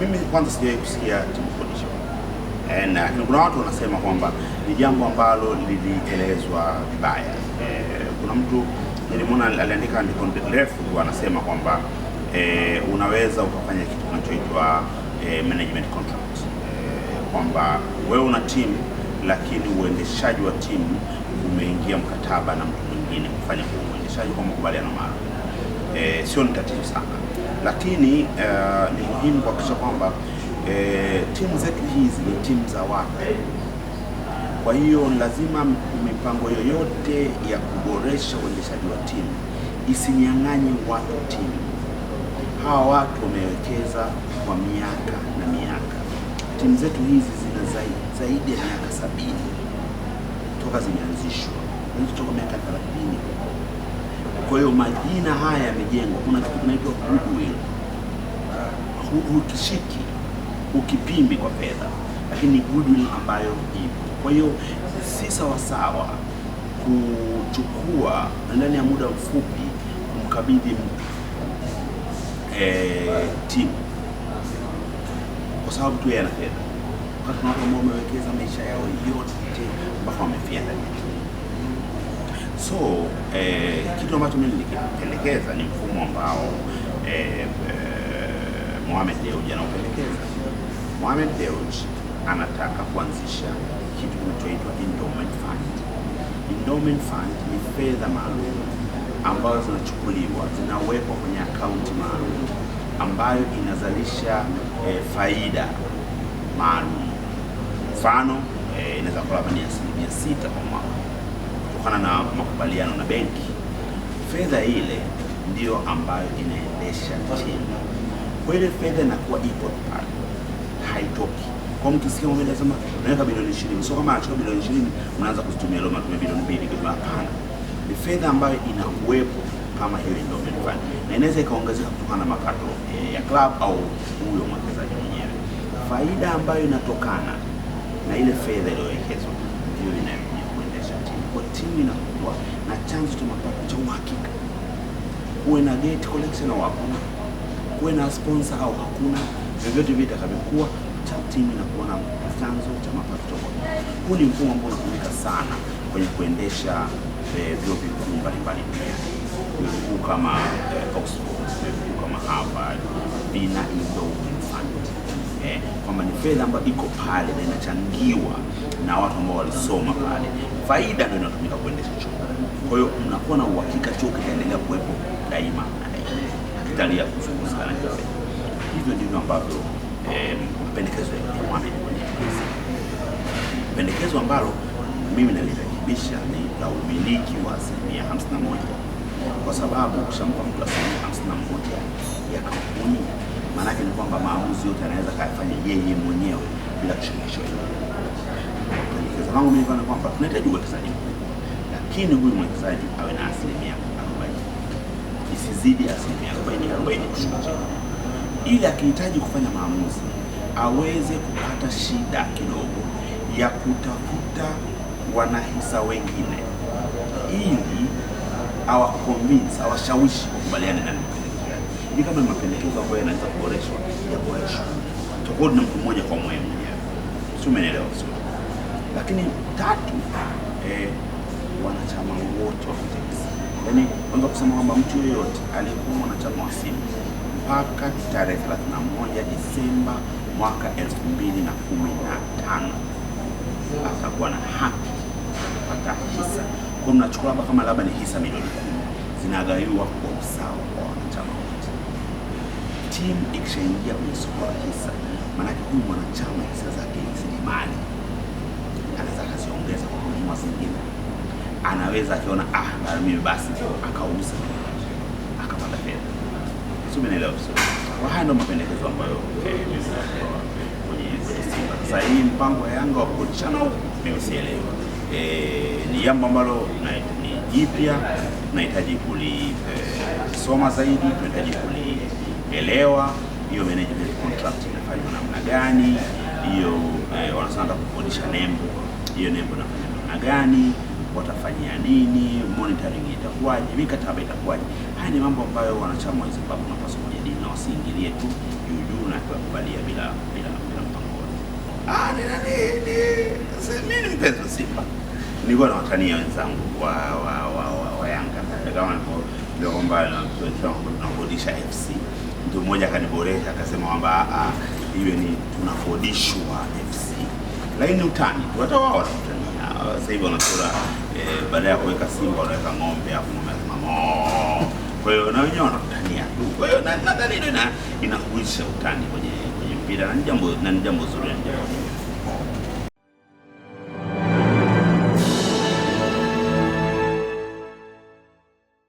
mimi kwanza sijawahi kusikia timu condition uh, na lakini kuna watu wanasema kwamba ni jambo ambalo lilielezwa vibaya e, kuna mtu nilimwona aliandika andiko refu anasema kwamba e, unaweza ukafanya kitu kinachoitwa e, management contract e, kwamba wewe una timu lakini uendeshaji wa timu umeingia mkataba na mtu mwingine kufanya uendeshaji kwa makubaliano maalum e, sio ni tatizo sana, lakini eh, ni muhimu kuhakikisha kwamba e, timu zetu hizi ni timu za watu. Kwa hiyo lazima mipango yoyote ya kuboresha uendeshaji wa timu isinyang'anye watu timu. Hawa watu wamewekeza kwa miaka na miaka. Timu zetu hizi zina zaidi, zaidi ya miaka sabini toka zimeanzishwa, toka miaka thelathini kwa hiyo majina haya yamejengwa, kuna kitu kinaitwa goodwill, hukishiki ukipimbi kwa fedha, lakini goodwill ambayo ipo. Kwa hiyo si sawasawa kuchukua ndani ya muda mfupi kumkabidhi mtu e, timu kwa sababu tu yeye ana fedha, wakati watu ambao wamewekeza maisha yao yote mpaka wamefia ndani So eh, kitu ambacho mimi nilikipendekeza ni mfumo ambao eh, eh, Mohamed Dewji anaupendekeza. Mohamed Dewji anataka kuanzisha kitu kinachoitwa endowment fund. Endowment fund ni fedha maalum ambazo zinachukuliwa zinawekwa kwenye akaunti maalum ambayo inazalisha eh, faida maalum. Mfano eh, inaweza kuwa ni asilimia sita kwa mwaka kutokana na makubaliano na benki, fedha ile ndiyo ambayo inaendesha timu. Kwa ile fedha inakuwa ipo pale, haitoki kwa mtu. Sikia mmoja anasema unaweka bilioni 20, sio kama anachukua bilioni 20 unaanza kuzitumia leo, matumia bilioni 2 kwa. Hapana, ni fedha ambayo inakuwepo kama hiyo endowment fund, na inaweza ikaongezeka kutokana na mapato e, ya club au huyo mwekezaji mwenyewe. Faida ambayo inatokana na ile fedha iliyowekezwa ndio inayo kwa timu inakuwa na chanzo cha mapato cha uhakika. Kuwe na gate collection au hakuna, kuwe na sponsor au hakuna, vyovyote vile itakavyokuwa, cha timu inakuwa na chanzo cha mapato cha uhakika. Huu ni mfumo ambao unatumika sana kwenye kuendesha eh, vyuo vikuu mbalimbali duniani, vyuo vikuu kama eh, Oxford, vyuo vikuu kama Harvard vina eh, kwamba ni fedha ambayo iko pale na inachangiwa na watu ambao walisoma pale, faida ndio inatumika kuendesha chuo. Kwa hiyo mnakuwa na uhakika chuo kitaendelea kuwepo daima na daima, hakitalia kuzungumzikana Hivyo ndivyo ambavyo mpendekezo eh, ya Mohamed pendekezo ambalo mimi nalirekebisha ni la umiliki wa asilimia 51 kwa sababu ukishampa mtu asilimia 51 ya kampuni maanake ni kwamba maamuzi yote anaweza kayafanya yeye mwenyewe bila kushirikishwa pendekezo langu mimi ni kwamba tunahitaji uwekezaji mkubwa, lakini huyu mwekezaji awe na asilimia arobaini isizidi asilimia arobaini arobaini kushuka chini, ili akihitaji kufanya maamuzi aweze kupata shida kidogo ya kutafuta wanahisa wengine ili awakonvince awashawishi wakubaliane na ni kama ni mapendekezo ambayo yanaweza kuboreshwa, yaboreshwa tofauti na mtu mmoja kwa mmoja mwenyewe, si umeelewa vizuri? Lakini tatu, eh, wanachama wote wa Vitex, yaani kusema kwamba mtu yeyote aliyekuwa mwanachama wa simu mpaka tarehe 31 Desemba mwaka 2015 atakuwa na haki kupata hisa. Kwa mnachukua labda kama labda ni hisa milioni kumi zinagaiwa kwa usawa kwa wanachama timu ikishaingia kwenye soko la hisa, maanake huyu mwanachama hisa zake ni mali, anaweza akaziongeza kwa kununua zingine. Anaweza akiona ah, bana mimi basi, akauza akapata fedha. Sio, umeelewa vizuri? Kwa haya ndio mapendekezo ambayo eh, kwenye Simba sasa hii mpango wa Yanga wa kuchana huko, mimi sielewi. Eh, ni jambo ambalo ni jipya, tunahitaji kulisoma eh, zaidi, tunahitaji kuli kuelewa hiyo management contract inafanywa namna gani, hiyo eh, wanasanga kukodisha nembo, hiyo nembo inafanywa namna gani, watafanyia nini, monitoring itakuwaje, mikataba itakuwaje. Haya ni mambo ambayo wanachama wa Zimbabwe wanapaswa kujadili na wasiingilie tu juu juu na kuwakubalia bila bila bila mpango. Ah, ni nani ni mimi ni mpenzi wa Simba. Nilikuwa na watania wenzangu wa wa wa, wa, wa Yanga. Kama ndio kwamba tunakodisha FC mtu mmoja akaniboresha akasema kwamba ah, ah, iwe ni tunakodishwa FC, lakini utani hata wao wanatania. Sasa hivi wanachora eh, baada ya kuweka simba wanaweka ng'ombe, hapo ng'ombe mama. kwa hiyo na wenyewe wanakutania tu. Kwa hiyo nadhani ndio inakuisha utani kwenye kwenye mpira, na ni jambo zuri, na ni jambo zuri.